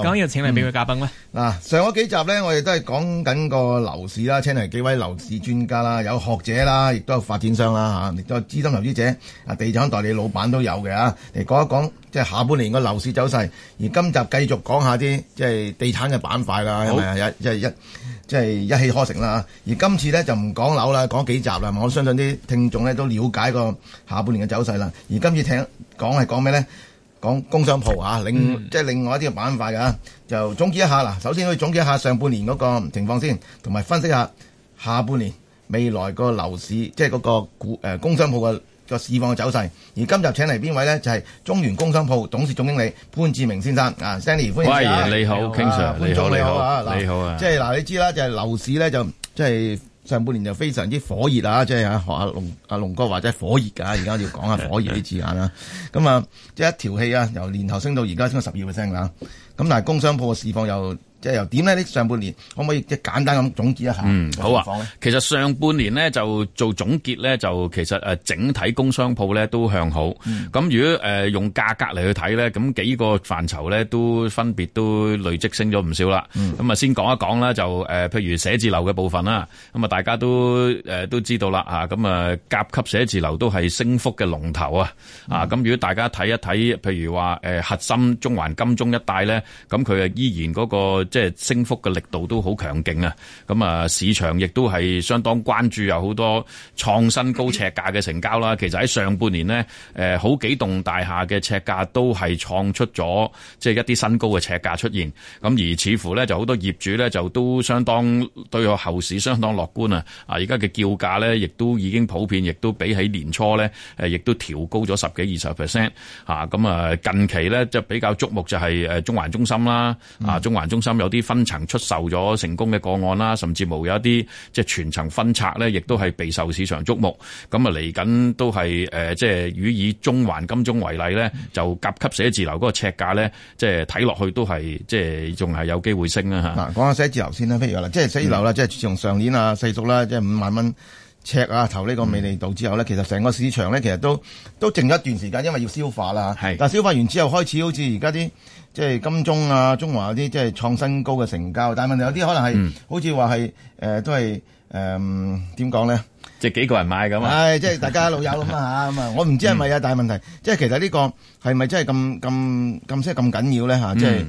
咁要請嚟邊位嘉賓咧？嗱、嗯，上嗰幾集呢，我哋都係講緊個樓市啦，請嚟幾位樓市專家啦，有學者啦，亦都有發展商啦嚇，亦都有資深投資者、啊地產代理老闆都有嘅啊嚟講一講，即係下半年個樓市走勢。而今集繼續講下啲即係地產嘅板塊啦，係咪啊？一即係一即係一氣呵成啦。而今次呢，就唔講樓啦，講幾集啦。我相信啲聽眾呢都了解過下半年嘅走勢啦。而今次聽講係講咩呢？講工商鋪啊，另即係另外一啲嘅板塊嘅，就總結一下啦。首先可以總結一下上半年嗰個情況先，同埋分析下下半年未來個樓市，即係嗰個股工商鋪嘅個市況嘅走勢。而今集請嚟邊位呢？就係中原工商鋪董事總經理潘志明先生啊，Sandy 歡迎你。喂，你好，潘總，你好，你好啊，即係嗱，你知啦，就係樓市咧，就即係。上半年就非常之火熱啊，即係啊學阿龍阿龍哥話，即係火熱㗎，而家要講下火熱啲字眼啦。咁啊， 即係一條氣啊，由年頭升到而家升到十二個 percent 啦。咁但係工商鋪嘅市況又～即係又點咧？呢上半年可唔可以即係簡單咁總結一下？嗯，好啊。其實上半年咧就做總結咧，就其實誒整體工商舖咧都向好。咁、嗯、如果誒用價格嚟去睇咧，咁幾個範疇咧都分別都累積升咗唔少啦。咁啊、嗯、先講一講啦，就誒譬如寫字樓嘅部分啦。咁啊大家都誒都知道啦嚇。咁啊甲級寫字樓都係升幅嘅龍頭啊。啊咁、嗯、如果大家睇一睇，譬如話誒核心中環金鐘一帶咧，咁佢啊依然嗰、嗰個。即係升幅嘅力度都好強勁啊！咁啊，市場亦都係相當關注，有好多創新高尺價嘅成交啦。其實喺上半年咧，誒好幾棟大廈嘅尺價都係創出咗即係一啲新高嘅尺價出現，咁而似乎咧就好多業主咧就都相當對個後市相當樂觀啊！啊，而家嘅叫價咧亦都已經普遍，亦都比起年初咧誒亦都調高咗十幾二十 percent 吓咁啊，近期咧就比較矚目就係誒中環中心啦，啊中環中心。嗯中有啲分層出售咗成功嘅個案啦，甚至冇有一啲即係全層分拆咧，亦都係備受市場矚目。咁啊，嚟緊都係即係如以中環金鐘為例咧，就甲級寫字樓嗰個尺價咧，即係睇落去都係即係仲係有機會升啊嚇。嗱，講下寫字樓先啦，譬如啦，即係寫字樓啦，即係、嗯、從上年啊細縮啦，即係五萬蚊。赤啊投呢個美利度之後咧，嗯、其實成個市場咧，其實都都靜咗一段時間，因為要消化啦吓。是但係消化完之後，開始好似而家啲即係金鐘啊、中華嗰啲即係創新高嘅成交，但係問題有啲可能係，嗯、好似話係誒都係誒點講咧？呃即係幾個人買咁啊、哎？即、就、係、是、大家老友啊嘛吓咁啊！ 我唔知係咪有大問題，即係、嗯、其實個是是呢個係咪真係咁咁咁即係咁緊要咧吓？即係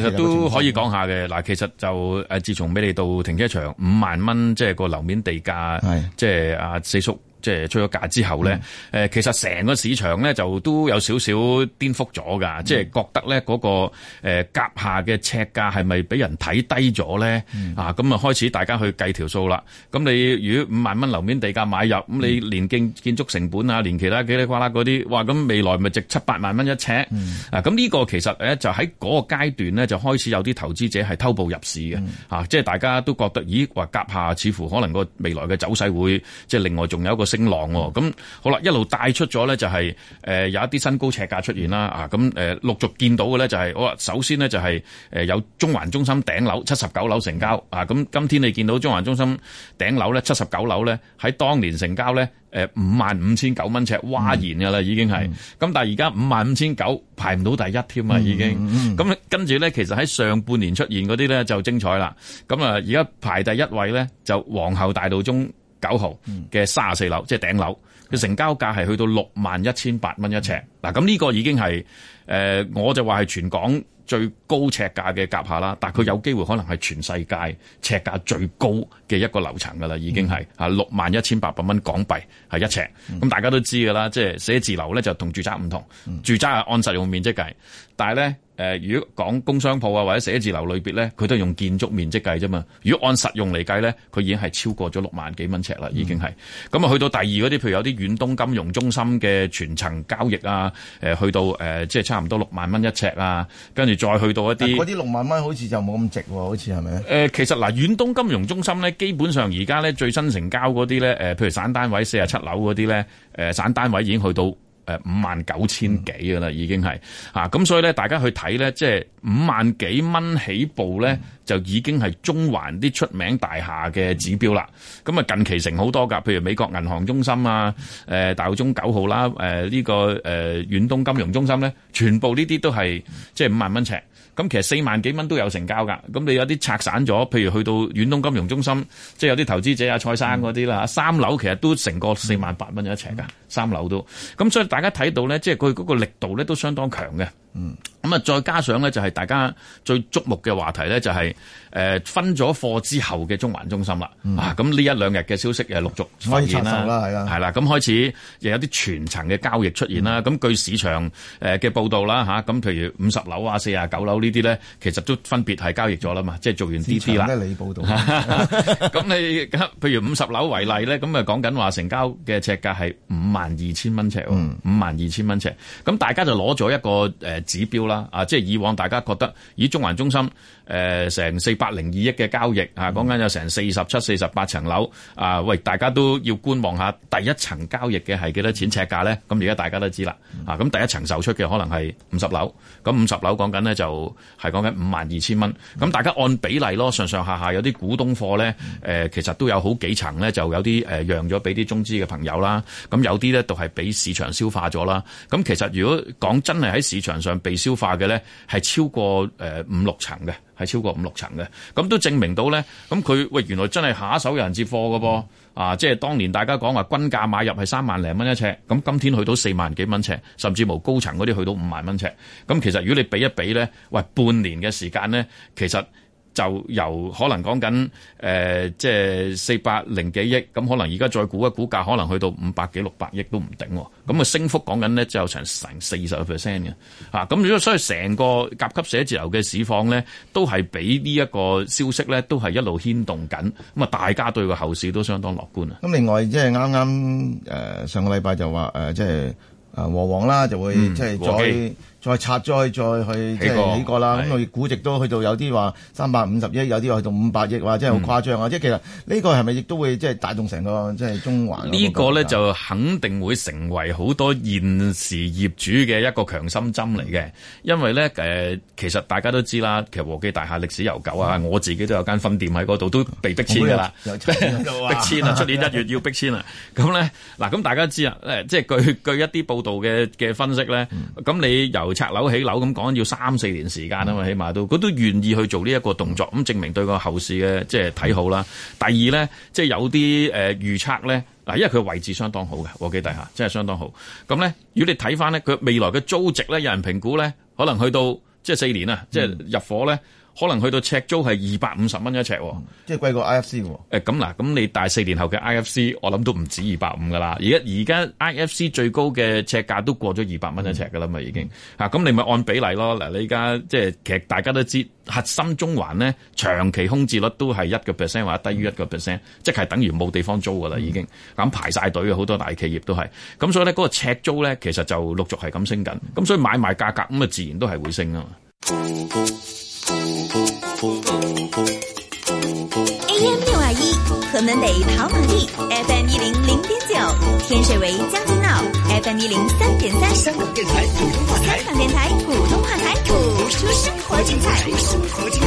其實都可以講下嘅嗱，嗯、其實就誒自從俾你到停車場五萬蚊，即係個樓面地價，即係阿四叔。即係出咗價之後咧，誒、嗯、其實成個市場咧就都有少少顛覆咗㗎，嗯、即係覺得咧嗰個誒甲廈嘅尺價係咪俾人睇低咗咧？嗯、啊，咁啊開始大家去計條數啦。咁你如果五萬蚊樓面地價買入，咁你連建建築成本、嗯、啊、連其他嘰哩呱啦嗰啲，哇，咁未來咪值七八萬蚊一尺？嗯、啊，咁呢個其實誒就喺嗰個階段咧，就開始有啲投資者係偷步入市嘅，嗯、啊，即係大家都覺得，咦？話甲廈似乎可能個未來嘅走勢會、嗯、即係另外仲有一個升浪喎，咁好啦，一路帶出咗咧就係、是、誒、呃、有一啲新高尺價出現啦，啊咁誒、呃、陸續見到嘅咧就係、是、我話首先呢，就係、是、有、呃、中環中心頂樓七十九樓成交，啊咁今天你見到中環中心頂樓咧七十九樓咧喺當年成交咧誒、呃、五萬五千九蚊尺，嘩然㗎啦已經係，咁、嗯、但係而家五萬五千九排唔到第一添啊已經，咁、嗯嗯、跟住咧其實喺上半年出現嗰啲咧就精彩啦，咁啊而家排第一位咧就皇后大道中。九號嘅三十四樓，嗯、即係頂樓，佢成交價係去到六萬一千八蚊一尺。嗱，咁呢個已經係誒、呃，我就話係全港最高尺價嘅夾下啦。但佢有機會可能係全世界尺價最高嘅一個樓層㗎啦，已經係六萬一千八百蚊港幣係一尺。咁、嗯、大家都知㗎啦，即係寫字樓咧就同住宅唔同，嗯、住宅係按實用面積計，但係咧。誒，如果講工商舖啊，或者寫字樓類別咧，佢都係用建築面積計啫嘛。如果按實用嚟計咧，佢已經係超過咗六萬幾蚊尺啦，已經係。咁啊，去到第二嗰啲，譬如有啲遠東金融中心嘅全層交易啊，去到即係差唔多六萬蚊一尺啊，跟住再去到一啲嗰啲六萬蚊，好似就冇咁值喎，好似係咪？其實嗱，遠東金融中心咧，基本上而家咧最新成交嗰啲咧，譬如散單位四啊七樓嗰啲咧，誒，散單位已經去到。誒，五萬九千幾嘅啦，已經係吓咁，所以咧，大家去睇咧，即係五萬幾蚊起步咧，就已經係中環啲出名大廈嘅指標啦。咁啊，近期成好多噶，譬如美國銀行中心啊，誒、呃，大澳中九號啦，誒、呃，呢、這個誒，遠、呃、東金融中心咧，全部呢啲都係即係五萬蚊尺。咁其實四萬幾蚊都有成交㗎，咁你有啲拆散咗，譬如去到遠東金融中心，即係有啲投資者啊、蔡生嗰啲啦，三樓其實都成個四萬八蚊一尺㗎，嗯、三樓都，咁所以大家睇到咧，即係佢嗰個力度咧都相當強嘅。嗯，咁啊，再加上咧，就係、是、大家最矚目嘅話題咧、就是，就係誒分咗貨之後嘅中環中心啦。嗯、啊，咁呢一兩日嘅消息又陸續出現啦，係啦，咁開始又有啲全層嘅交易出現啦。咁、嗯、據市場誒嘅報道啦，吓、啊、咁譬如五十樓啊、四十九樓呢啲咧，其實都分別係交易咗啦嘛，即係做完啲啲啦。你報道？咁、 啊、你譬如五十樓為例咧，咁啊講緊話成交嘅尺價係五萬二千蚊尺，五萬二千蚊尺。咁大家就攞咗一個誒。呃指標啦，啊，即係以往大家覺得以中環中心。誒成、呃、四百零二億嘅交易嚇，講、啊、緊有成四十七、四十八層樓啊！喂，大家都要觀望下第一層交易嘅係幾多錢尺價呢？咁而家大家都知啦咁、啊、第一層售出嘅可能係五十樓，咁五十樓講緊呢，就係講緊五萬二千蚊。咁大家按比例咯，上上下下有啲股東貨呢，誒、呃、其實都有好幾層呢，就有啲誒讓咗俾啲中資嘅朋友啦。咁有啲呢，都係俾市場消化咗啦。咁其實如果講真係喺市場上被消化嘅呢，係超過誒、呃、五六層嘅。係超過五六層嘅，咁都證明到咧。咁佢喂原來真係下手有人接貨㗎噃啊！即係當年大家講話均價買入係三萬零蚊一尺，咁今天去到四萬幾蚊尺，甚至無高層嗰啲去到五萬蚊尺。咁其實如果你比一比咧，喂半年嘅時間咧，其實。就由可能講緊誒，即係四百零幾億，咁、嗯、可能而家再估嘅股價，可能去到五百幾六百億都唔頂、啊，咁、嗯、啊升幅講緊呢，就有成成四十個 percent 嘅，咁、啊嗯、所以所以成個甲級寫字樓嘅市況呢，都係俾呢一個消息呢，都係一路牽動緊，咁、嗯、啊大家對個後市都相當樂觀啊！咁另外即係啱啱上個禮拜就話即係和黃啦就會即係再。再拆咗去，再去，即起個過啦咁，我是的 估值都去到有啲話三百五十億，有啲去到五百億啊，即係好誇張啊！嗯、即係其實呢個係咪亦都會即係帶動成個即係中環呢個咧，個就肯定會成為好多現時業主嘅一個強心針嚟嘅，因為咧、呃、其實大家都知啦，其實和記大廈歷史悠久啊，我自己都有間分店喺嗰度，都被逼遷噶啦，逼 遷啊！出年一月要逼遷啊！咁咧嗱，咁大家知啊，即係據據一啲報道嘅嘅分析咧，咁、嗯、你由拆樓起樓，咁講緊要三四年時間啊嘛，起碼都佢都願意去做呢一個動作，咁證明對個後市嘅即係睇好啦。第二咧，即係有啲誒預測咧，嗱，因為佢位置相當好嘅，我記得下，真係相當好。咁咧，如果你睇翻咧，佢未來嘅租值咧，有人評估咧，可能去到即係四年啊，嗯、即係入伙咧。可能去到尺租係二百五十蚊一尺，啊，即係貴過 I F C 喎。咁嗱、啊，咁你大四年後嘅 I F C，我諗都唔止二百五噶啦。而家而家 I F C 最高嘅尺價都過咗二百蚊一尺噶啦嘛，已經嚇。咁、啊、你咪按比例咯。嗱，你而家即係其實大家都知核心中環咧，長期空置率都係一個 percent 或者低於一個 percent，即係等於冇地方租噶啦，已經咁排晒隊嘅好多大企業都係。咁所以咧嗰、那個尺租咧，其實就陸續係咁升緊。咁所以買賣價格咁啊，自然都係會升啊嘛。嗯嗯 AM 六二一，河門北跑馬地，FM 一零零點九，天水圍將軍澳，FM 一零三點三。香港電台普通話台。香港電台普通話台。播出生活精彩。播出生活精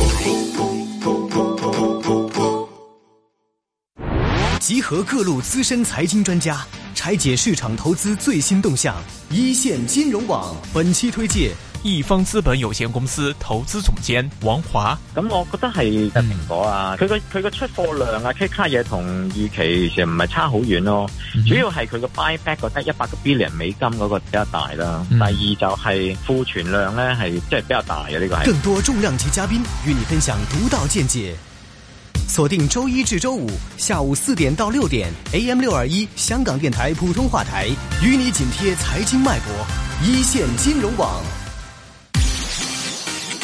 彩。集合各路資深財經專家，拆解市場投資最新動向。一線金融網本期推介。易方資本有限公司投資總監王華，咁我覺得係蘋果啊，佢個佢個出貨量啊，k 卡嘢同預期其實唔係差好遠咯，嗯、主要係佢個 buyback 嗰得一百個 billion 美金嗰個比較大啦，嗯、第二就係庫存量咧係即係比較大嘅、啊、呢、這個係。更多重量級嘉賓與你分享獨到見解，鎖定周一至周五下午四點到六點，AM 六二一香港電台普通話台，與你緊貼財經脈搏，一綫金融網。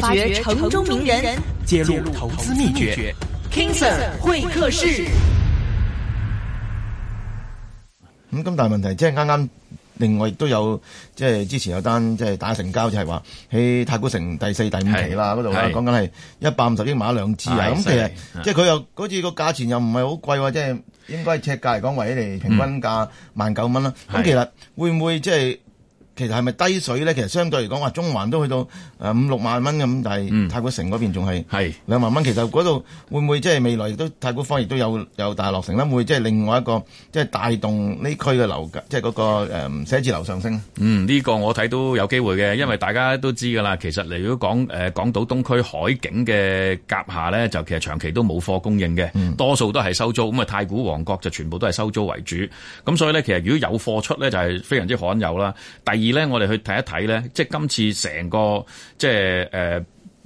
發掘城中名人，揭露投資秘訣。King Sir 會客室。咁咁大問題，即係啱啱，另外亦都有，即係之前有單，即係打成交就，就係話喺太古城第四、第五期啦嗰度啦，講緊係一百五十億買兩支啊。咁其實，即係佢又好似個價錢又唔係好貴喎，即係應該尺價嚟講，維以嚟平均價萬九蚊啦。咁、嗯、其實會唔會即係？就是其實係咪低水咧？其實相對嚟講，話中環都去到誒五六萬蚊咁，但係太古城嗰邊仲係兩萬蚊。嗯、其實嗰度會唔會即係未來亦都太古坊亦都有有大落成咧？會即係另外一個即係帶動呢區嘅樓，即係嗰個誒寫、嗯、字樓上升嗯、呢、這個我睇都有機會嘅，因為大家都知噶啦。其實嚟如果講誒、呃、港島東區海景嘅甲廈咧，就其實長期都冇貨供應嘅，嗯、多數都係收租。咁啊太古皇國就全部都係收租為主，咁所以咧其實如果有貨出咧，就係、是、非常之罕有啦。第二咧，而我哋去睇一睇咧，即係今次成個，即係誒、呃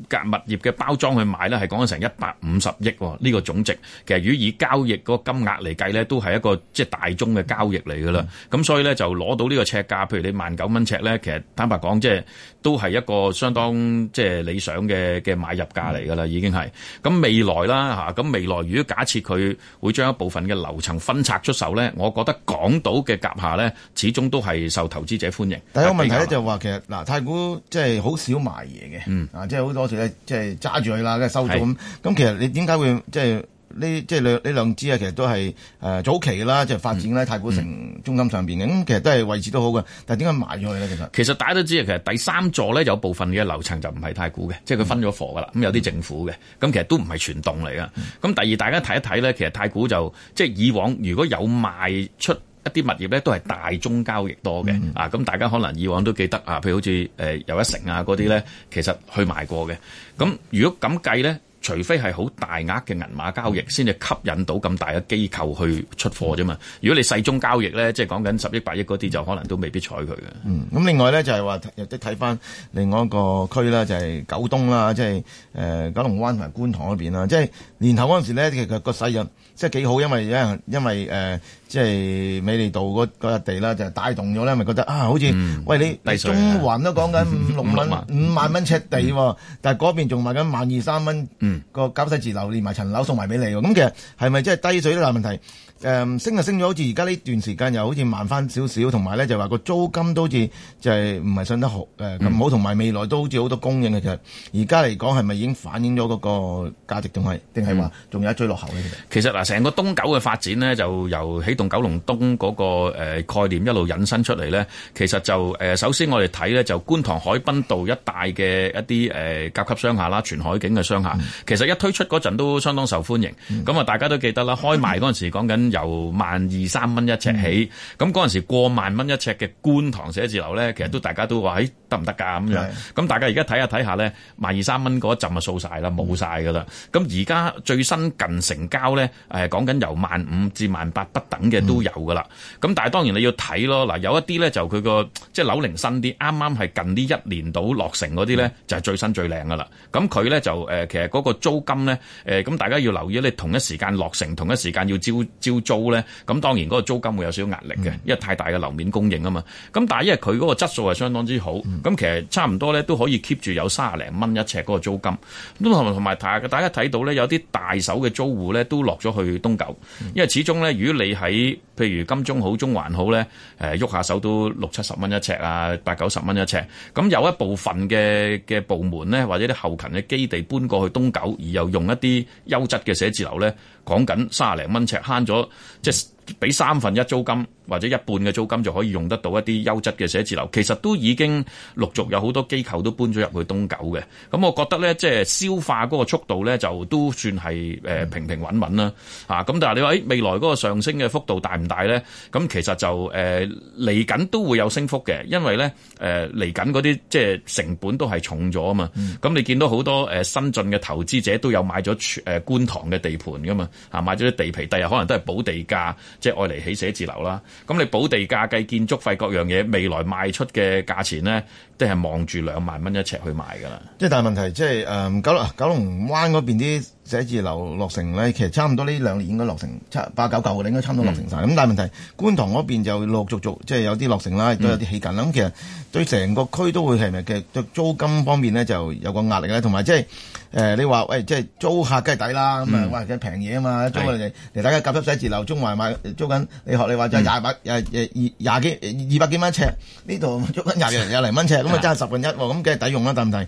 格物業嘅包裝去買咧，係講緊成一百五十億呢個總值。其實如果以交易嗰個金額嚟計咧，都係一個即係大宗嘅交易嚟噶啦。咁所以咧就攞到呢個尺價，譬如你萬九蚊尺咧，其實坦白講即係都係一個相當即係理想嘅嘅買入價嚟噶啦，已經係。咁未來啦嚇，咁未來如果假設佢會將一部分嘅樓層分拆出售咧，我覺得港島嘅甲廈咧始終都係受投資者歡迎。第一個問題咧就係話其實嗱，太古即係好少賣嘢嘅，嗯啊，即係好多。即係揸住佢啦，跟住收咗咁。咁是其實你點解會即係呢？即係呢兩支啊，其實都係誒、呃、早期啦，即、就、係、是、發展咧，太古城中心上邊嘅。咁、嗯嗯、其實都係位置都好嘅。但係點解賣咗去呢？其實其實大家都知啊，其實第三座咧有部分嘅樓層就唔係太古嘅，即係佢分咗貨噶啦。咁有啲政府嘅，咁其實都唔係全棟嚟噶。咁、嗯、第二，大家睇一睇咧，其實太古就即係以往如果有賣出。一啲物業咧都係大宗交易多嘅，嗯、啊，咁大家可能以往都記得啊，譬如好似誒友一城啊嗰啲咧，其實去賣過嘅。咁如果咁計咧，除非係好大額嘅銀碼交易，先至吸引到咁大嘅機構去出貨啫嘛。如果你細宗交易咧，即係講緊十億八億嗰啲，就可能都未必採佢嘅。嗯，咁另外咧就係、是、話，即都睇翻另外一個區啦，就係、是、九東啦，即係誒九龍灣同埋觀塘嗰邊啦。即係年頭嗰陣時咧，其實個個勢又即係幾好，因為因為誒，即、呃、係、就是、美利道嗰嗰日地啦，就帶動咗咧，咪覺得啊，好似、嗯、喂你，你中環都講緊五，水、啊、五六萬五萬蚊尺地，萬嗯、但係嗰邊仲賣緊萬二三蚊。嗯。個交細字樓連埋層樓送埋俾你喎，咁其實係咪真係低水啲大問題？誒，升就升咗，好似而家呢段時間又好似慢翻少少，同埋咧就話個租金都好似就係唔係信得好誒咁好，同埋、嗯、未來都好似好多供應嘅，其實而家嚟講係咪已經反映咗嗰個價值仲係定係話仲有一追落後咧？嗯、其實嗱，成個東九嘅發展呢，就由起動九龍東嗰、那個誒、呃、概念一路引申出嚟咧，其實就誒、呃、首先我哋睇咧就觀塘海濱道一帶嘅一啲誒、呃、甲級商廈啦，全海景嘅商廈，嗯、其實一推出嗰陣都相當受歡迎，咁啊、嗯、大家都記得啦，開賣嗰陣時講緊。嗯嗯 由萬二三蚊一尺起，咁嗰陣時過萬蚊一尺嘅觀塘寫字樓呢，其實都大家都話，誒得唔得㗎？咁咁、啊、是的 大家而家睇下睇下呢，萬二三蚊嗰一浸啊，掃晒啦，冇晒㗎啦。咁而家最新近成交呢，講緊由萬五至萬八不等嘅都有㗎啦。咁、嗯、但係當然你要睇咯，嗱有一啲呢就佢個即係樓齡新啲，啱啱係近呢一年到落成嗰啲呢，嗯、就係最新最靚㗎啦。咁佢呢就其實嗰個租金呢，誒咁大家要留意你同一時間落成，同一時間要招。租呢，咁當然嗰個租金會有少少壓力嘅，因為太大嘅樓面供應啊嘛。咁但係因為佢嗰個質素係相當之好，咁其實差唔多呢都可以 keep 住有三十零蚊一尺嗰個租金。咁同埋同埋大家睇到呢，有啲大手嘅租戶呢都落咗去東九，因為始終呢，如果你喺譬如金鐘好、中環好呢，誒喐下手都六七十蚊一尺啊，八九十蚊一尺。咁有一部分嘅嘅部門呢，或者啲後勤嘅基地搬過去東九，而又用一啲優質嘅寫字樓呢。講緊卅零蚊呎慳咗，即係。俾三分一租金或者一半嘅租金就可以用得到一啲優質嘅寫字樓，其實都已經陸續有好多機構都搬咗入去東九嘅。咁、嗯、我覺得呢，即係消化嗰個速度呢，就都算係、呃、平平穩穩啦。嚇、啊、咁但係你話誒未來嗰個上升嘅幅度大唔大呢？咁、啊、其實就誒嚟緊都會有升幅嘅，因為呢誒嚟緊嗰啲即係成本都係重咗啊嘛。咁、嗯、你見到好多、呃、新進嘅投資者都有買咗誒、呃、觀塘嘅地盤噶嘛？嚇、啊、買咗啲地皮，第日可能都係補地價。即係愛嚟起寫字樓啦，咁你補地價計建築費各樣嘢，未來賣出嘅價錢咧？即係望住兩萬蚊一尺去買㗎啦！即係但係問題，即係誒九龍九龍灣嗰邊啲寫字樓落成咧，其實差唔多呢兩年應該落成七八九嚿，應該差唔多落成晒。咁、嗯、但係問題，觀塘嗰邊就陸續續即係有啲落成啦，亦都有啲起緊。咁、嗯、其實對成個區都會係咪嘅？對租金方面咧就有個壓力啦，同埋即係誒、呃、你話喂，即係租客梗雞抵啦咁啊！哇，梗係平嘢啊嘛，的租嚟嚟大家夾出寫字樓中環賣租緊，你學你話就廿百廿幾二百幾蚊尺，呢度租緊廿廿零蚊尺。 咁啊，真係十分一喎，咁梗係抵用啦，抵唔抵？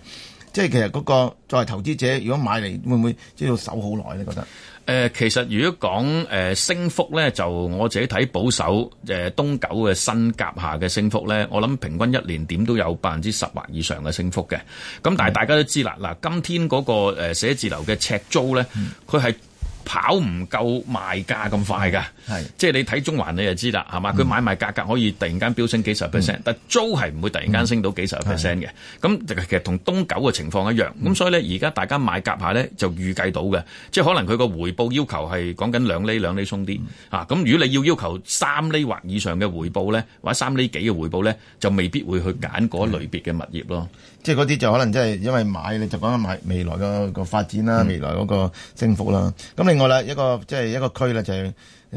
即係其實嗰個作為投資者，如果買嚟，會唔會即係要守好耐咧？覺得誒，其實如果講誒、呃、升幅咧，就我自己睇保守誒、呃、東九嘅新甲下嘅升幅咧，我諗平均一年點都有百分之十或以上嘅升幅嘅。咁但係大家都知啦，嗱，是的 今天嗰個誒寫字樓嘅尺租咧，佢係、嗯、跑唔夠賣價咁快㗎。是即係你睇中環你就知啦，係嘛？佢、嗯、買賣價格可以突然間飆升幾十 percent，、嗯、但租係唔會突然間升到幾十 percent 嘅。咁其實同東九嘅情況一樣。咁、嗯、所以咧，而家大家買夾下咧就預計到嘅，嗯、即係可能佢個回報要求係講緊兩厘、兩厘鬆啲、嗯、啊。咁如果你要要求三厘或以上嘅回報咧，或者三厘幾嘅回報咧，就未必會去揀嗰類別嘅物業咯。嗯、即係嗰啲就可能即係因為買你就講緊買未來個個發展啦，未來嗰個升幅啦。咁、嗯、另外啦，一個即係、就是、一個區咧就是。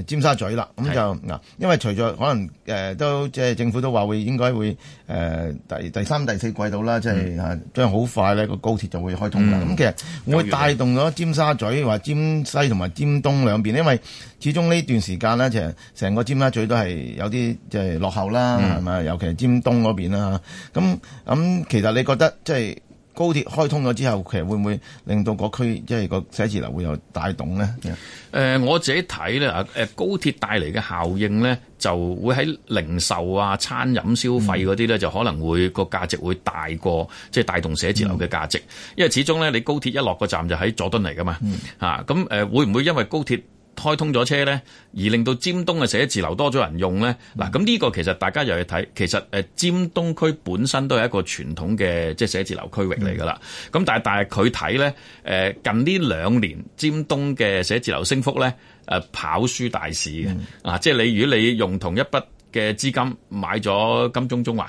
尖沙咀啦，咁就嗱，是因為隨著可能誒、呃、都即係政府都話會應該會誒、呃、第第三第四季度啦，即係誒將好快呢個高鐵就會開通啦。咁、嗯、其實會帶動咗尖沙咀、或者尖西同埋尖東兩邊，因為始終呢段時間其實成個尖沙咀都係有啲即係落後啦，係咪？嗯、尤其係尖東嗰邊啦。咁咁，其實你覺得即係？就是高鐵開通咗之後，其實會唔會令到嗰區即係個寫字樓會有帶動咧？誒、呃，我自己睇咧嚇，誒高鐵帶嚟嘅效應咧，就會喺零售啊、餐飲消費嗰啲咧，就可能會個價值會大過即係、就是、帶動寫字樓嘅價值，嗯、因為始終咧你高鐵一落個站就喺佐敦嚟㗎嘛，咁誒、嗯啊、會唔會因為高鐵？開通咗車呢，而令到尖東嘅寫字樓多咗人用呢。嗱、嗯，咁呢個其實大家又去睇，其實尖東區本身都係一個傳統嘅即係寫字樓區域嚟㗎啦。咁、嗯、但係但係佢睇呢近呢兩年尖東嘅寫字樓升幅呢，跑輸大市嘅啊，即係你如果你用同一筆嘅資金買咗金鐘中，中環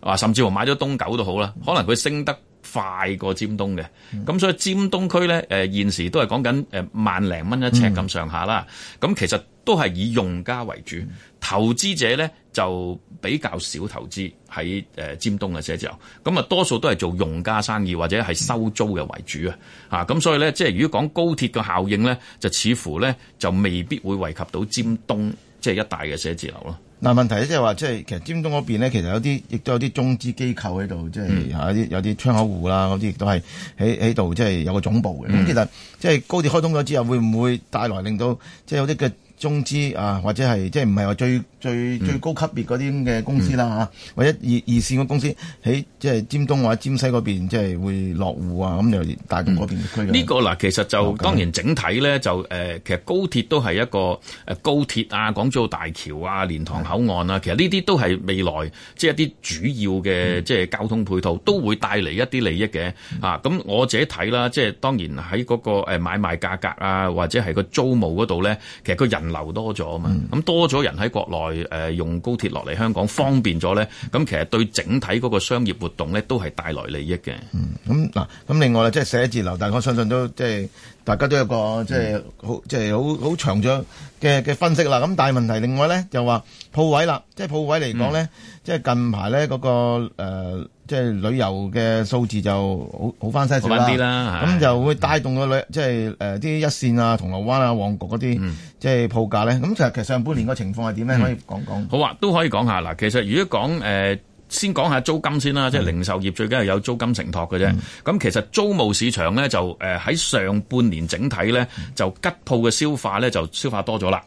啊，嗯、甚至乎買咗東九都好啦，可能佢升得快過尖東嘅，咁所以尖東區咧，誒、呃、現時都係講緊萬零蚊一尺咁上下啦。咁、嗯、其實都係以用家為主，嗯、投資者咧就比較少投資喺誒尖東嘅寫字樓。咁啊，多數都係做用家生意或者係收租嘅為主、嗯、啊。咁所以咧，即係如果講高鐵嘅效應咧，就似乎咧就未必會惠及到尖東即係、就是、一帶嘅寫字樓咯。嗱，問題咧，即係話，即係其實尖東嗰邊咧，其實有啲，亦都有啲中資機構喺度，即係嚇有啲有啲窗口戶啦，嗰啲亦都係喺喺度，即係有個總部嘅。咁、嗯、其實即係高鐵開通咗之後，會唔會帶來令到即係、就是、有啲嘅？中資啊，或者係即係唔係話最最最高級別嗰啲咁嘅公司啦吓，嗯、或者二二線嘅公司喺即係尖東或者尖西嗰邊即係會落戶啊，咁又帶動嗰邊嘅區。呢、嗯這個嗱，其實就白當然整體咧，就誒其實高鐵都係一個誒高鐵啊，港珠澳大橋啊，蓮塘口岸啊，的其實呢啲都係未來即係、就是、一啲主要嘅即係交通配套都會帶嚟一啲利益嘅的啊。咁我自己睇啦，即、就、係、是、當然喺嗰個誒買賣價格啊，或者係個租務嗰度咧，其實個人。流多咗啊嘛，咁多咗人喺國內誒用高鐵落嚟香港，方便咗咧，咁其實對整體嗰個商業活動咧都係帶來利益嘅。嗯，咁嗱，咁另外咧即係寫字樓，但我相信都即係大家都有個即係好即係好好長長嘅嘅分析啦。咁但係問題，另外咧就話鋪位啦，即係鋪位嚟講咧，嗯、即係近排咧嗰個、呃即係旅遊嘅數字就好好翻少咗啦，咁就會帶動個旅，即係誒啲一線啊、銅鑼灣啊、旺角嗰啲即係鋪價咧。咁其實其實上半年個情況係點咧？嗯、可以講講。好啊，都可以講下嗱。其實如果講誒。呃先講下租金先啦，即係零售業最緊係有租金承托嘅啫。咁其實租務市場咧就喺上半年整體咧就吉鋪嘅消化咧就消化多咗啦。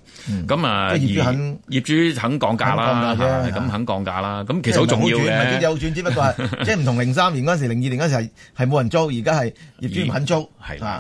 咁啊業主肯業主肯降價啦，係咁肯降價啦。咁其實好重要嘅。唔係好轉，只不過係即係唔同零三年嗰陣時，零二年嗰陣時係冇人租，而家係業主唔肯租。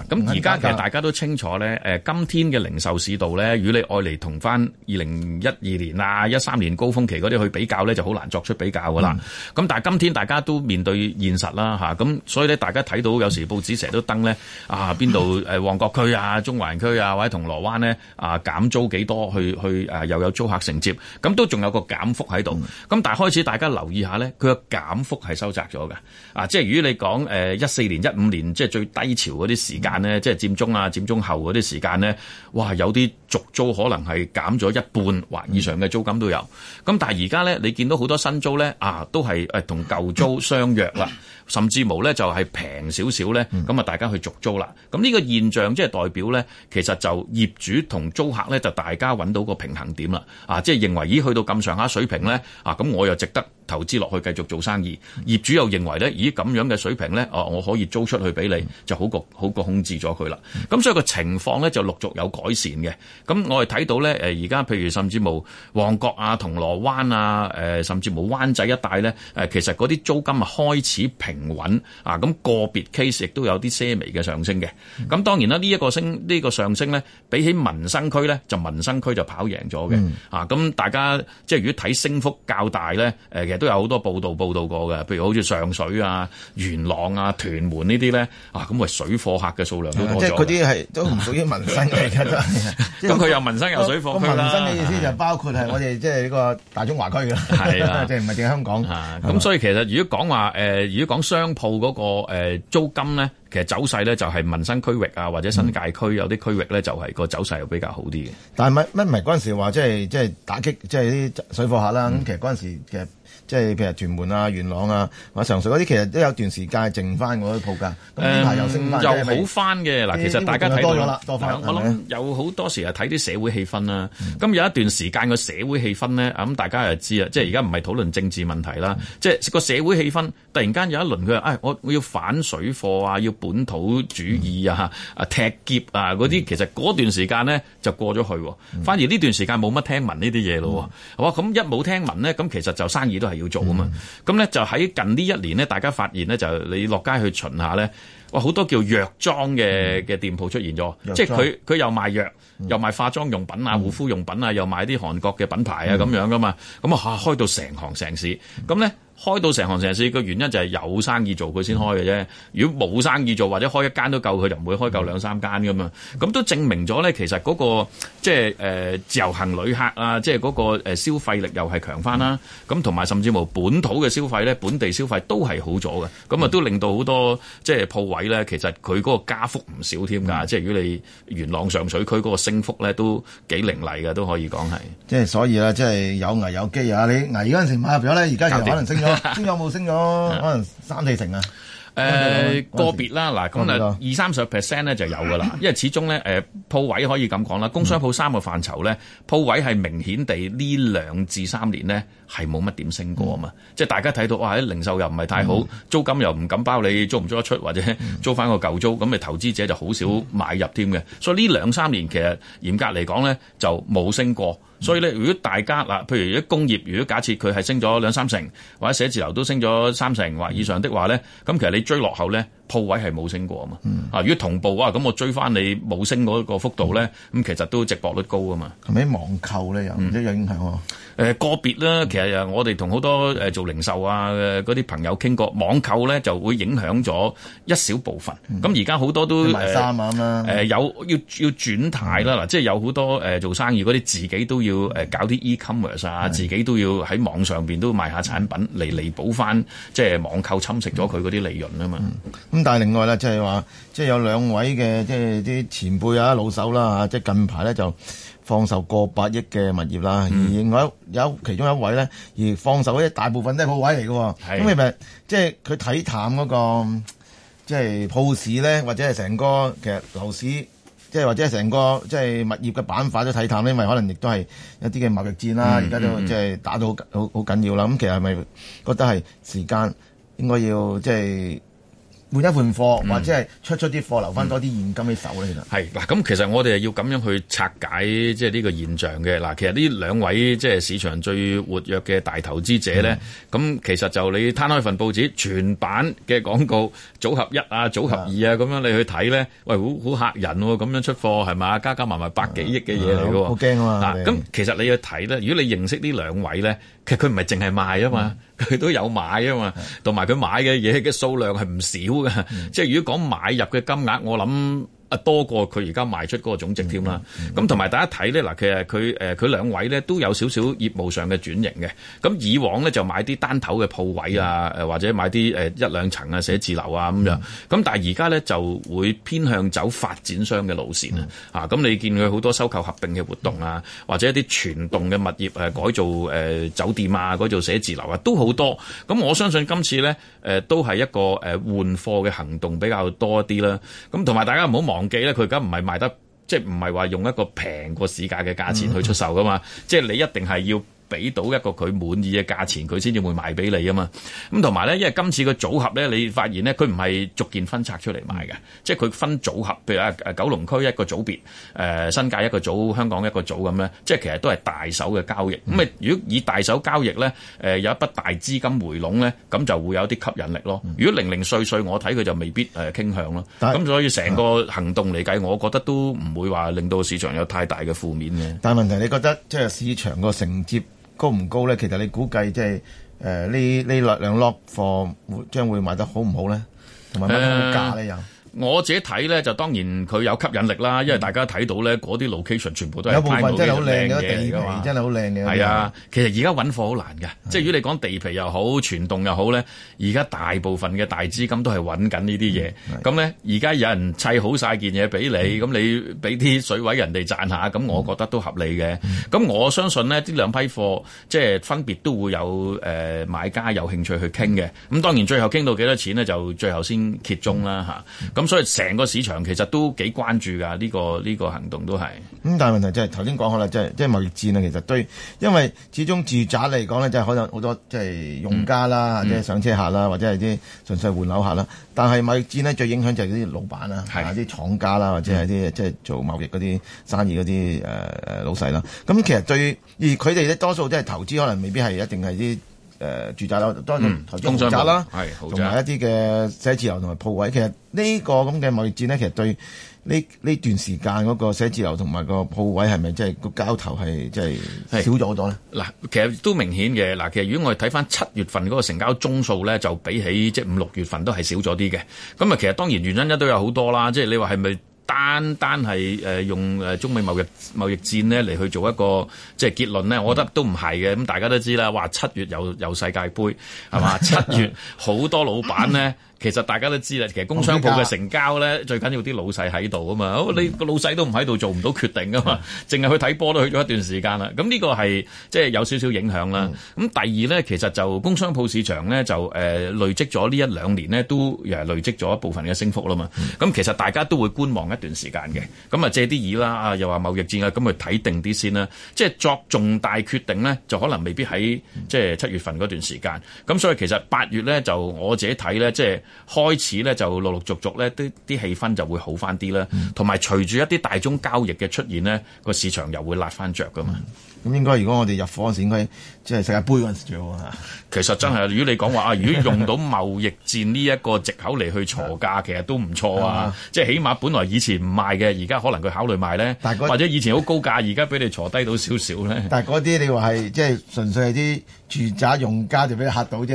咁而家其實大家都清楚咧，今天嘅零售市道咧，與你愛嚟同翻二零一二年啊、一三年高峰期嗰啲去比較咧，就好難作出比較㗎啦。咁、嗯嗯、但係今天大家都面對現實啦咁、啊、所以咧大家睇到有時報紙成日都登呢啊，邊度誒旺角區啊、中環區啊、或者銅鑼灣呢啊減租幾多去去誒、啊、又有租客承接，咁、啊、都仲有個減幅喺度。咁、嗯、但係開始大家留意下呢，佢嘅減幅係收窄咗嘅啊！即係如果你講誒一四年、一五年即係最低潮嗰啲時間呢，嗯、即係佔中啊、佔中後嗰啲時間呢，哇有啲續租可能係減咗一半或以上嘅租金都有。咁、啊、但係而家呢，你見到好多新租呢。啊！都係誒同舊租相約啦， 甚至乎咧就係平少少咧，咁啊 大家去續租啦。咁呢個現象即係代表咧，其實就業主同租客咧就大家揾到個平衡點啦。啊，即係認為咦去到咁上下水平咧，啊咁我又值得投資落去繼續做生意。業主又認為咧，咦咁樣嘅水平咧，哦我可以租出去俾你就好過好過控制咗佢啦。咁 所以個情況咧就陸續有改善嘅。咁我哋睇到咧誒而家譬如甚至無旺角啊、銅鑼灣啊、誒甚至無灣仔一帶。係咧，誒其實嗰啲租金啊開始平穩啊，咁個別 case 亦都有啲些微嘅上升嘅。咁當然啦，呢一個升呢個上升咧，比起民生區咧，就民生區就跑贏咗嘅。啊，咁大家即係如果睇升幅較大咧，誒其實都有好多報道報道過嘅，譬如好似上水啊、元朗啊、屯門呢啲咧，啊咁啊水貨客嘅數量都多咗。即係嗰啲係都唔屬於民生嘅。咁佢又民生又水貨區，民生嘅意思就包括係我哋即係呢個大中華區㗎啦。係 啊，即係唔係淨香港的？咁、啊、所以其實如果講話誒，如果講商鋪嗰、嗰個、呃、租金咧，其實走勢咧就係民生區域啊，或者新界區有啲區域咧，就係個走勢又比較好啲嘅。嗯嗯、但係咪乜唔係嗰陣時話即係即係打擊即係啲水貨客啦？咁其實嗰陣時其實即係譬如屯門啊、元朗啊、或者上水嗰啲，其實都有段時間剩翻嗰啲鋪價，咁又好翻嘅。嗱，其實大家睇多咗啦，我諗有好多時係睇啲社會氣氛啦。咁有一段時間個社會氣氛咧，咁大家又知啦，即係而家唔係討論政治問題啦，即係個社會氣氛突然間有一輪佢話，我我要反水貨啊，要本土主義啊，啊，踢劫啊嗰啲，其實嗰段時間咧就過咗去，反而呢段時間冇乜聽聞呢啲嘢咯，係嘛？咁一冇聽聞咧，咁其實就生意都係要做啊嘛，咁咧就喺近呢一年咧，大家發現咧就你落街去巡下咧，哇，好多叫藥莊嘅嘅店鋪出現咗，莊即係佢佢又賣藥。又賣化妝用品啊、護膚用品啊，又買啲韓國嘅品牌、嗯、啊，咁樣噶嘛。咁啊開到成行成市。咁、嗯、呢，開到成行成市個原因就係有生意做佢先開嘅啫。嗯、如果冇生意做或者開一間都夠佢就唔會開夠兩三間噶嘛。咁、嗯、都證明咗呢，其實嗰、那個即係、就是呃、自由行旅客啊，即係嗰個消費力又係強翻啦。咁同埋甚至乎本土嘅消費呢，嗯、本地消費都係好咗嘅。咁啊、嗯、都令到好多即係、就是、鋪位呢，其實佢嗰個加幅唔少添㗎。嗯、即係如果你元朗上水區嗰、那個升幅咧都幾凌厲嘅，都可以講係。即係所以啦，即係有危有機啊！你危嗰陣時買入咗咧，而家就可能升咗，升咗冇升咗，可能三四成啊。誒個別啦，嗱，咁啊二三十 percent 咧就有㗎啦。因為始終咧，誒鋪位可以咁講啦，工商鋪三個範疇咧，鋪位係明顯地呢兩至三年咧。係冇乜點升過啊嘛，嗯、即係大家睇到哇，零售又唔係太好，嗯、租金又唔敢包你租唔租得出，或者租翻個舊租，咁咪、嗯、投資者就好少買入添嘅。嗯、所以呢兩三年其實嚴格嚟講呢就冇升過。所以呢，如果大家嗱，譬如啲工業，如果假設佢係升咗兩三成，或者寫字樓都升咗三成或以上的話呢，咁其實你追落後呢。鋪位係冇升過啊嘛，啊如果同步嘅話，咁我追翻你冇升嗰個幅度咧，咁其實都值博率高啊嘛。咁啲網購咧又唔知有影響喎。誒個別咧，其實我哋同好多做零售啊嗰啲朋友傾過，網購咧就會影響咗一小部分。咁而家好多都賣衫啦。有要要轉態啦，嗱，即係有好多做生意嗰啲自己都要搞啲 e-commerce 啊，自己都要喺網上面都賣下產品嚟彌補翻，即係網購侵蝕咗佢嗰啲利潤啊嘛。咁但係另外咧，即係話，即、就、係、是、有兩位嘅，即係啲前輩啊、老手啦嚇，即係近排咧就放售過百億嘅物業啦。嗯、而另外有其中一位咧，而放售咧大部分都係鋪位嚟嘅。咁係咪？即係佢睇淡嗰、那個，即係鋪市咧，或者係成個其實樓市，即、就、係、是、或者係成個即係、就是、物業嘅板塊都睇淡，因為可能亦、嗯嗯嗯、都係一啲嘅貿易戰啦。而家都即係打到好好好緊要啦。咁其實係咪覺得係時間應該要即係？就是換一盤貨，或者係出出啲貨，留翻多啲現金喺手咧。其實係嗱，咁、嗯、其實我哋係要咁樣去拆解即係呢個現象嘅嗱。其實呢兩位即係市場最活躍嘅大投資者咧，咁、嗯、其實就你攤開份報紙，全版嘅廣告組合一啊，組合二啊，咁樣你去睇咧，喂，好好嚇人喎、啊！咁樣出貨係嘛，加加埋埋百幾億嘅嘢嚟嘅喎，好驚啊！嗱，咁其實你去睇咧，如果你認識呢兩位咧。其實佢唔係淨係賣啊嘛，佢都有買啊嘛，同埋佢買嘅嘢嘅數量係唔少噶，即係如果講買入嘅金額，我諗。多過佢而家賣出個總值添啦，咁同埋大家睇咧嗱，其實佢誒佢兩位咧都有少少業務上嘅轉型嘅，咁以往咧就買啲單頭嘅鋪位啊，誒、嗯、或者買啲誒一兩層啊寫字樓啊咁樣，咁但係而家咧就會偏向走發展商嘅路線啊，咁、嗯、你見佢好多收購合併嘅活動啊，嗯、或者一啲全棟嘅物業誒改造誒酒店啊，改造寫字樓啊都好多，咁我相信今次咧誒都係一個誒換貨嘅行動比較多啲啦，咁同埋大家唔好忘。記咧，佢而家唔係賣得，即係唔係話用一個平過市價嘅價錢去出售噶嘛？嗯、即係你一定係要。俾到一個佢滿意嘅價錢，佢先至會賣俾你啊嘛！咁同埋呢，因為今次個組合呢，你發現呢，佢唔係逐件分拆出嚟賣嘅，嗯、即係佢分組合，譬如啊，九龍區一個組別，誒、呃、新界一個組，香港一個組咁呢，即係其實都係大手嘅交易。咁啊、嗯，如果以大手交易呢，誒、呃、有一筆大資金回籠呢，咁就會有啲吸引力咯。嗯、如果零零碎碎，我睇佢就未必誒傾向咯。咁是所以成個行動嚟計，我覺得都唔會話令到市場有太大嘅負面嘅。但係問題，你覺得即係市場個承接？高唔高呢？其實你估計即係誒呢呢兩兩 lot 貨將會賣得好唔好呢？同埋乜嘢價呢？Um、又？我自己睇咧，就當然佢有吸引力啦，因為大家睇到咧，嗰啲 location 全部都係有部分真係好靚嘅地皮真，地皮真係好靚嘅。啊，其實而家揾貨好難嘅，的即係如果你講地皮又好，全棟又好咧，而家大部分嘅大資金都係揾緊呢啲嘢。咁咧，而家有人砌好晒件嘢俾你，咁的你俾啲水位人哋賺下，咁我覺得都合理嘅。咁的我相信呢，呢兩批貨即係分別都會有誒、呃、買家有興趣去傾嘅。咁當然最後傾到幾多錢呢，就最後先揭盅啦，咁的咁所以成個市場其實都幾關注噶，呢、這個呢、這個行動都係。咁、嗯、但係問題就係頭先講好啦，即係即貿易戰啦。其實對，因為始終住宅嚟講呢即可能好多即係、就是、用家啦，嗯、或者上車客啦，嗯、或者係啲純粹換樓客啦。但係貿易戰呢，最影響就係啲老闆啦，係啲廠家啦，或者係啲即係做貿易嗰啲生意嗰啲、呃、老細啦。咁其實對，而佢哋咧多數都係投資，可能未必係一定係啲。誒、呃、住宅啦，當然同，資住宅啦，係，同埋一啲嘅寫字樓同埋鋪位。其實呢個咁嘅貿易戰呢，其實對呢呢段時間嗰個寫字樓同埋個鋪位係咪即係個交投係即係少咗好多呢？嗱，其實都明顯嘅。嗱，其實如果我哋睇翻七月份嗰個成交宗數咧，就比起即係五六月份都係少咗啲嘅。咁啊，其實當然原因都有好多啦。即係你話係咪？單單係誒用誒中美貿易貿易戰呢嚟去做一個即係結論呢，我覺得都唔係嘅。咁大家都知啦，話七月有有世界盃係嘛， 七月好多老闆呢。其實大家都知啦，其實工商鋪嘅成交咧，最緊要啲老細喺度啊嘛，你個老細都唔喺度，做唔到決定啊嘛，淨係、嗯、去睇波都去咗一段時間啦。咁呢、嗯、個係即係有少少影響啦。咁、嗯、第二咧，其實就工商鋪市場咧，就誒累積咗呢一兩年呢，都誒累積咗一部分嘅升幅啦嘛。咁、嗯、其實大家都會觀望一段時間嘅，咁啊借啲耳啦，啊又話貿易戰啊，咁去睇定啲先啦。即、就、係、是、作重大決定呢，就可能未必喺即係七月份嗰段時間。咁所以其實八月咧，就我自己睇咧，即係。開始咧就陸陸續續咧，啲啲氣氛就會好翻啲啦。同埋、嗯、隨住一啲大宗交易嘅出現呢，個市場又會辣翻着噶嘛。咁應該，如果我哋入貨嗰陣時，應該即係世界盃嗰陣時最好嚇。其實真係，如果你講話啊，如果用到貿易戰呢一個藉口嚟去鋤價， 其實都唔錯啊！吧即係起碼本來以前唔賣嘅，而家可能佢考慮賣咧，那或者以前好高價，而家俾你鋤低到少少咧。但嗰啲你話係即係純粹係啲住宅用家就俾你嚇到啫，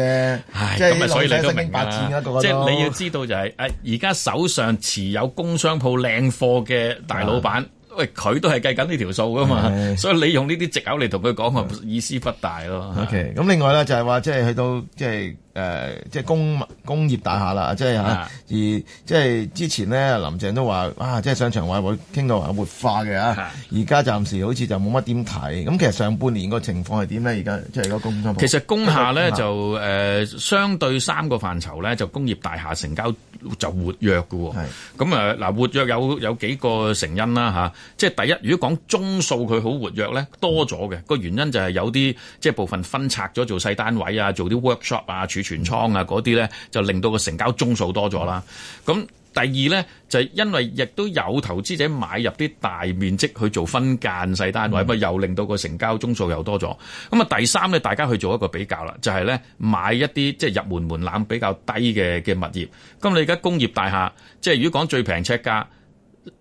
咁係所以你都明白啲即係你要知道就係、是，誒而家手上持有工商舖靚貨嘅大老闆。喂，佢都係計緊呢條數噶嘛，的所以你用呢啲藉口嚟同佢講，話的意思不大咯。的 OK，咁另外咧就係話，即係去到即係。即係誒、呃、即係工工業大廈啦，即係吓，啊、是的而即係之前咧，林鄭都話啊即係上場話會傾到話活化嘅啊，而家暫時好似就冇乜點睇。咁其實上半年個情況係點咧？而家即係個工其實工廈咧的就誒的、呃、相對三個範疇咧，就工業大廈成交就活躍嘅喎。係，咁啊嗱，活躍有有幾個成因啦吓、啊，即係第一，如果講宗數佢好活躍咧，多咗嘅個原因就係有啲即係部分分拆咗做細單位啊，做啲 workshop 啊，全倉啊，嗰啲呢，就令到個成交宗數多咗啦。咁第二呢，就係、是、因為亦都有投資者買入啲大面積去做分間細單位，咁、嗯、又令到個成交宗數又多咗。咁啊第三呢，大家去做一個比較啦，就係、是、呢買一啲即係入門門檻比較低嘅嘅物業。咁你而家工業大廈，即係如果講最平尺價。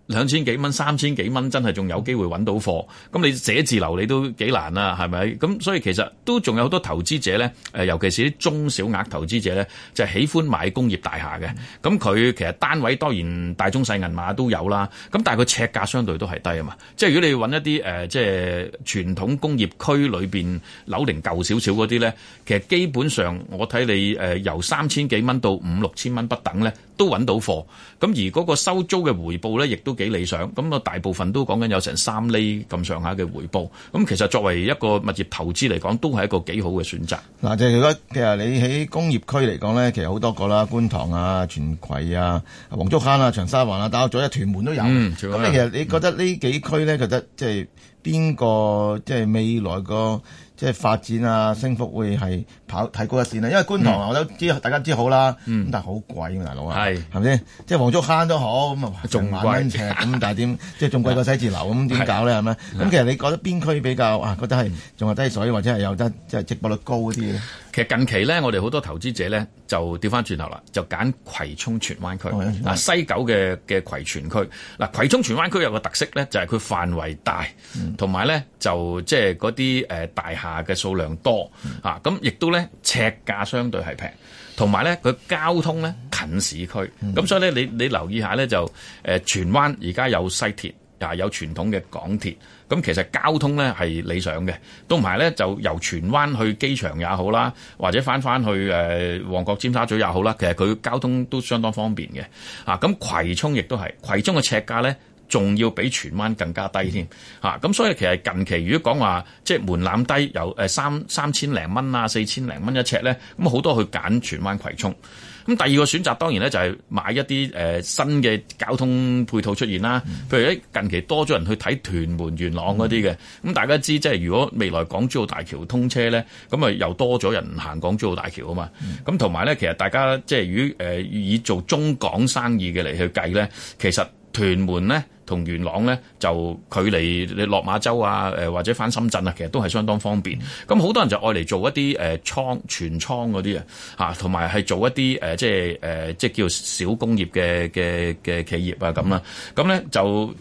兩千幾蚊、三千幾蚊，真係仲有機會揾到貨。咁你寫字樓你都幾難啦，係咪？咁所以其實都仲有好多投資者呢，尤其是啲中小額投資者呢，就係、是、喜歡買工業大廈嘅。咁佢其實單位當然大、中、細銀碼都有啦。咁但係佢尺價相對都係低啊嘛。即係如果你揾一啲、呃、即係傳統工業區裏面樓齡舊少少嗰啲呢，其實基本上我睇你、呃、由三千幾蚊到五六千蚊不等呢，都揾到貨。咁而嗰個收租嘅回報呢，亦都幾理想咁啊！大部分都講緊有成三厘咁上下嘅回報，咁其實作為一個物業投資嚟講，都係一個幾好嘅選擇。嗱，即係其實你喺工業區嚟講咧，其實好多個啦，觀塘啊、荃葵啊、黃竹坑啊、長沙灣啊，打到左一屯門都有。咁、嗯、你其實你覺得呢幾區咧，覺得、嗯、即係邊個即係未來個？即係發展啊，升幅會係跑睇高一線啊，因為觀塘、嗯、我都知道大家知道好啦，咁、嗯、但係好貴啊，大佬啊，係係咪先？即係黃竹坑都好咁貴啊，仲萬蚊呎咁，但係點即係仲貴過寫字樓咁點搞咧係咪？咁其實你覺得邊區比較啊覺得係仲係低水或者係有得即係積薄率高嗰啲咧？其實近期咧，我哋好多投資者咧就調翻轉頭啦，就揀葵涌荃灣區嗱、oh yeah , yeah. 西九嘅嘅葵荃區。嗱葵涌荃灣區有個特色咧，就係、是、佢範圍大，同埋咧就即係嗰啲誒大廈嘅數量多咁、mm. 啊、亦都咧尺價相對係平，同埋咧佢交通咧近市區，咁、mm. 所以咧你你留意下咧就誒荃、呃、荃灣而家有西鐵。啊！有傳統嘅港鐵，咁其實交通呢係理想嘅，都唔係呢。就由荃灣去機場也好啦，或者翻翻去誒旺角尖沙咀也好啦，其實佢交通都相當方便嘅。啊，咁葵涌亦都係，葵涌嘅尺價呢仲要比荃灣更加低添。嚇，咁所以其實近期如果講話即係門檻低，由三三千零蚊啊四千零蚊一尺呢，咁好多去揀荃灣葵涌。咁第二個選擇當然咧就係買一啲誒新嘅交通配套出現啦，譬如近期多咗人去睇屯門元朗嗰啲嘅，咁大家知即係如果未來港珠澳大橋通車呢，咁啊又多咗人行港珠澳大橋啊嘛，咁同埋呢，其實大家即係如果誒以做中港生意嘅嚟去計呢，其實屯門呢，同元朗咧就距離你落馬洲啊，或者翻深圳啊，其實都係相當方便。咁好、嗯、多人就愛嚟做一啲誒倉全倉嗰啲啊，同埋係做一啲誒、呃、即係誒、呃、即係叫小工業嘅嘅嘅企業啊咁啦。咁咧、嗯、就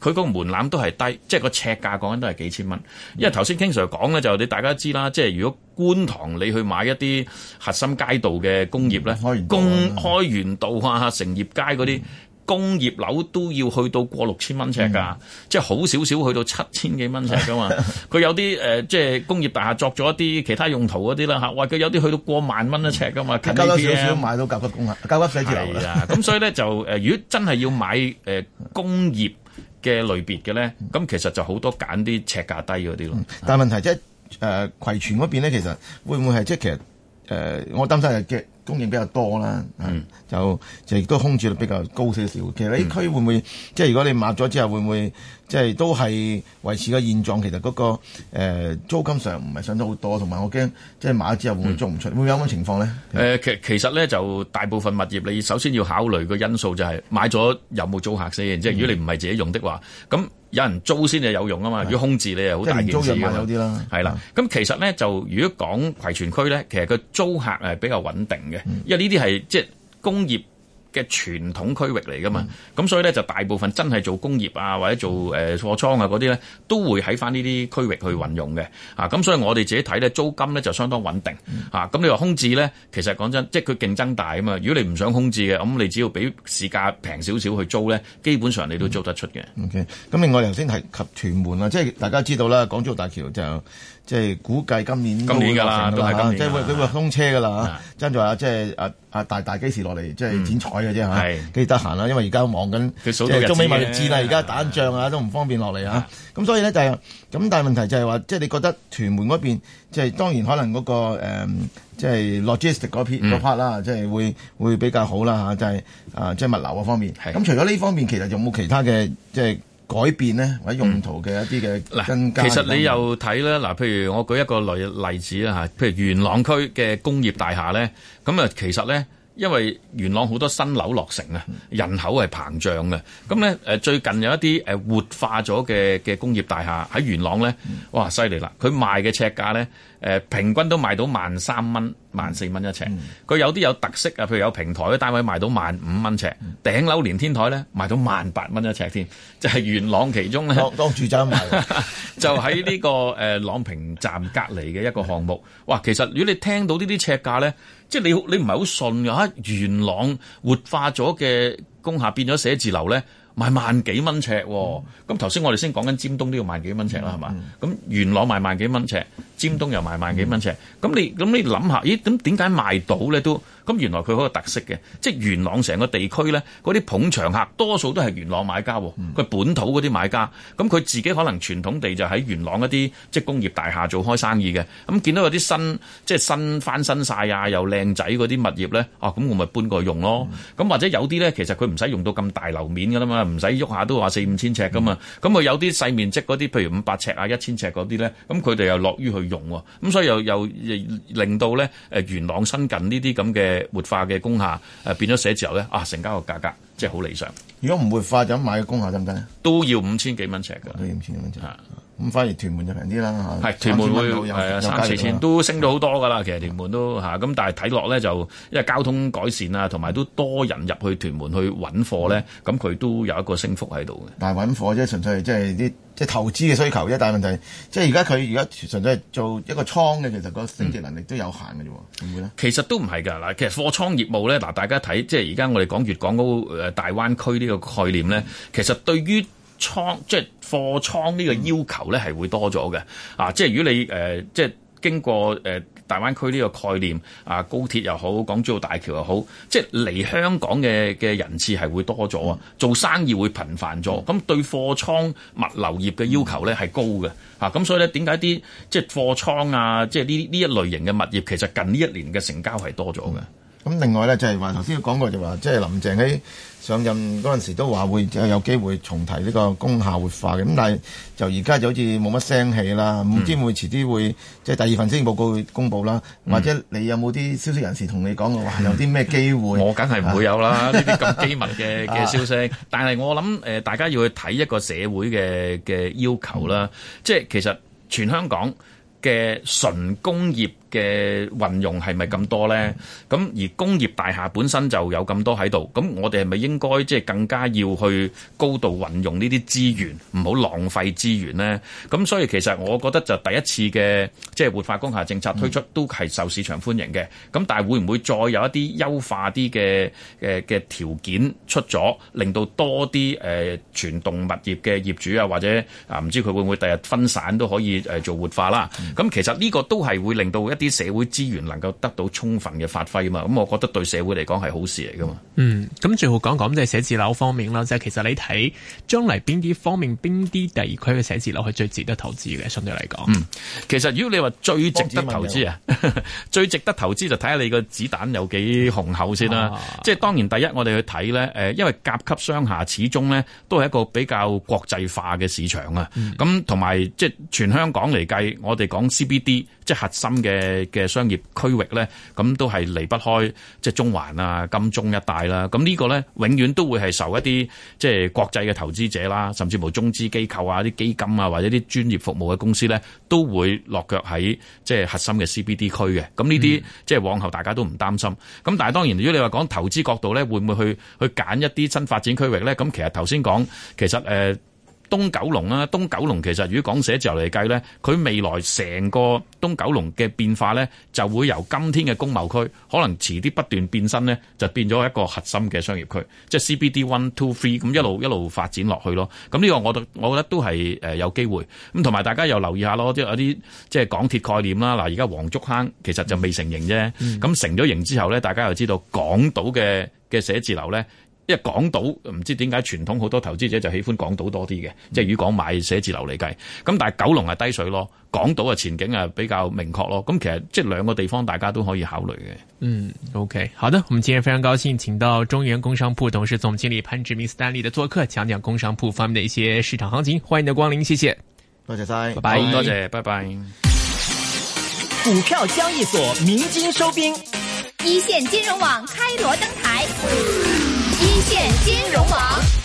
佢個門檻都係低，即係個尺價講緊都係幾千蚊。因為頭先 King Sir 講咧、就是，就你大家知啦，即係如果觀塘你去買一啲核心街道嘅工業咧，工、嗯、開源道啊、道啊、嗯、成業街嗰啲。嗯工業樓都要去到過六千蚊尺㗎，即係好少少去到七千幾蚊尺㗎嘛。佢有啲誒，即係工業大廈作咗一啲其他用途嗰啲啦嚇。哇、呃！佢有啲去到過萬蚊一尺㗎嘛，嗯、近啲 A 少啊。買到夾骨供啊，夾骨死住嚟啦。咁、嗯 嗯、所以咧就誒、呃，如果真係要買誒、呃、工業嘅類別嘅咧，咁其實就好多揀啲尺價低嗰啲咯。但係、嗯、問題即係誒葵壇嗰邊咧，其實會唔會係即係其實誒、呃，我擔心係嘅。供應比較多啦，嗯嗯，就就亦都空置率比較高少少。其實呢區會唔會？嗯，即係如果你抹咗之後，會唔會？即係都係維持個現狀，其實嗰、嗰個、呃、租金上唔係上得好多，同埋我驚即係買咗之後會，會唔會租唔出，嗯、會，會有冇情況咧？誒，其其實咧就大部分物業，你首先要考慮個因素就係買咗有冇租客先。嗯、即係如果你唔係自己用的話，咁有人租先就有用啊嘛。是的如果空置你又好大件事啊。租入有啲啦，係啦。咁其實咧就如果講葵涌區咧，其實個租客係比較穩定嘅，嗯、因為呢啲係即係工業。嘅傳統區域嚟噶嘛，咁、嗯、所以咧就大部分真係做工業啊，或者做誒、呃、貨倉啊嗰啲咧，都會喺翻呢啲區域去運用嘅。咁、啊、所以我哋自己睇咧，租金咧就相當穩定。咁、啊、你話空置咧，其實講真，即係佢競爭大啊嘛。如果你唔想空置嘅，咁你只要俾市價平少少去租咧，基本上你都租得出嘅、嗯。OK。咁另外頭先提及屯門啊，即係大家知道啦，港珠澳大橋就即係、就是、估計今年今年㗎啦，都係今年，即係佢會通車㗎啦的。啊，即係啊。大大幾時落嚟，即係剪彩嘅啫嚇，係，跟住得閒啦，是因為而家忙緊，即係中美物戰啦，而家打仗啊，啊都唔方便落嚟啊。咁所以咧就係、是，咁但係問題就係話，即、就、係、是、你覺得屯門嗰邊，即、就、係、是、當然可能嗰、那個即係 logistic 嗰嗰 part 啦，即、嗯、係、就是嗯、會會比較好啦嚇，就係啊，即係物流嗰方面。咁是除咗呢方面，其實有冇其他嘅即係？就是改變呢，或者用途嘅一啲嘅，嗱、嗯，其實你又睇呢。嗱，譬如我舉一個例子例子啦吓，譬如元朗區嘅工業大廈咧，咁啊，其實咧，因為元朗好多新樓落成啊，人口係膨脹嘅，咁咧誒，最近有一啲活化咗嘅嘅工業大廈喺元朗咧，哇，犀利啦，佢賣嘅尺價咧～誒，平均都賣到萬三蚊、萬四蚊一尺。佢、嗯、有啲有特色啊，譬如有平台嘅單位賣到萬五蚊尺，嗯、頂樓連天台咧賣到萬八蚊一尺添，就係、是、元朗其中咧。當當住宅賣 就喺呢、這個誒、呃、朗平站隔離嘅一個項目。 哇！其實如果你聽到呢啲尺價咧，即係你你唔係好信㗎嚇、啊。元朗活化咗嘅工廈變咗寫字樓咧。賣萬幾蚊尺喎，咁頭先我哋先講緊尖東都要萬幾蚊尺啦，係嘛？咁元朗賣萬幾蚊尺，尖東又賣萬幾蚊尺，咁你咁你諗下，咦？咁點解賣到咧都？咁原來佢嗰個特色嘅，即係元朗成個地區咧，嗰啲捧場客多數都係元朗買家，佢本土嗰啲買家，咁佢自己可能傳統地就喺元朗一啲即係工業大廈做開生意嘅，咁見到有啲新即係新翻新晒啊，又靚仔嗰啲物業咧，哦，咁我咪搬過去用咯，咁或者有啲咧，其實佢唔使用到咁大樓面㗎啦嘛，唔使喐下都話四五千尺㗎嘛，咁佢有啲細面積嗰啲，譬如五百尺啊、一千尺嗰啲咧，咁佢哋又樂於去用，咁所以又又令到咧誒元朗新近呢啲咁嘅。活化嘅工廈誒變咗寫字樓咧，啊成交嘅價格即係好理想。如果唔活化就咁買嘅工廈得唔得咧？都要五千幾蚊尺㗎，都要五千幾蚊尺。5, 咁反而屯門就平啲啦，係是 3, 屯門會係啊三四千都升咗好多噶啦，是的 其實屯門都咁，是的 但係睇落咧就因為交通改善啊，同埋都多人入去屯門去揾貨咧，咁佢都有一個升幅喺度嘅。但係揾貨啫，純粹、就是、即係啲即係投資嘅需求啫。但係問題、就是、即係而家佢而家純粹係做一個倉嘅，其實個升值能力都有限嘅啫，會唔會咧？其實都唔係㗎嗱，其實貨倉業務咧嗱，大家睇即係而家我哋講粵港澳大灣區呢個概念咧，其實對於倉即係貨倉呢個要求呢係會多咗嘅啊！即係如果你誒、呃、即係經過誒大灣區呢個概念啊，高鐵又好，港珠澳大橋又好，即係嚟香港嘅嘅人次係會多咗啊，做生意會頻繁咗，咁對貨倉物流業嘅要求呢係高嘅啊！咁所以呢，點解啲即係貨倉啊，即係呢呢一類型嘅物業其實近呢一年嘅成交係多咗嘅？咁另外咧就係話頭先講過就話即係林鄭喺上任嗰陣時都話會有機會重提呢個工廈活化嘅。咁但係就而家就好似冇乜聲氣啦。唔、嗯、知會遲啲會即係第二份報告會公布啦，或者你有冇啲消息人士同你講嘅話有啲咩機會？我梗係唔會有啦，呢啲咁機密嘅嘅消息。 但係我諗誒大家要去睇一個社會嘅嘅要求啦。嗯、即係其實全香港嘅純工業。嘅運用係咪咁多呢？咁、嗯、而工業大廈本身就有咁多喺度，咁我哋係咪應該即係更加要去高度運用呢啲資源，唔好浪費資源呢？咁所以其實我覺得就第一次嘅即係活化工廈政策推出都係受市場歡迎嘅。咁、嗯、但係會唔會再有一啲優化啲嘅誒嘅條件出咗，令到多啲誒全棟物業嘅業主啊，或者啊唔知佢會唔會第日分散都可以誒做活化啦？咁、嗯、其實呢個都係會令到一啲社會資源能夠得到充分嘅發揮啊嘛，咁我覺得對社會嚟講係好事嚟㗎嘛。嗯，咁最後講講即係寫字樓方面啦，即係其實你睇將來邊啲方面、邊啲地區嘅寫字樓係最值得投資嘅，相對嚟講。嗯，其實如果你話最值得投資啊，最值得投資就睇下你個子彈有幾雄厚先啦。啊、即係當然第一，我哋去睇咧，誒，因為甲級商廈始終咧都係一個比較國際化嘅市場啊。咁同埋即係全香港嚟計，我哋講 CBD 即係核心嘅。嘅嘅商業區域呢，咁都係離不開即係中環啊、金鐘一帶啦。咁、這、呢個呢，永遠都會係受一啲即係國際嘅投資者啦，甚至乎中資機構啊、啲基金啊，或者啲專業服務嘅公司呢，都會落腳喺即係核心嘅 CBD 區嘅。咁呢啲即係往後大家都唔擔心。咁、嗯、但係當然，如果你話講投資角度呢，會唔會去去揀一啲新發展區域呢？咁其實頭先講，其實誒。呃東九龍啦，東九龍其實如果講寫字樓嚟計咧，佢未來成個東九龍嘅變化咧，就會由今天嘅工貿區，可能遲啲不斷變身咧，就變咗一個核心嘅商業區，即係 C B D one two three 咁一路一路發展落去咯。咁呢個我我覺得都係誒有機會。咁同埋大家又留意下咯，即係有啲即係港鐵概念啦。嗱，而家黃竹坑其實就未成型啫。咁、嗯、成咗型之後咧，大家又知道港島嘅嘅寫字樓咧。因為港島唔知點解，傳統好多投資者就喜歡港島多啲嘅，嗯、即係如果買寫字樓嚟計。咁但係九龍係低水咯，港島嘅前景啊比較明確咯。咁其實即係兩個地方大家都可以考慮嘅。嗯，OK，好的，我們今天非常高興請到中原工商鋪董事總經理潘志明斯丹利的做客，講講工商鋪方面的一些市場行情。歡迎你的光臨，謝謝。多謝晒謝，拜拜，拜拜多謝，拜拜。股票交易所明金收兵，一線金融網開鑼登台。建金融王。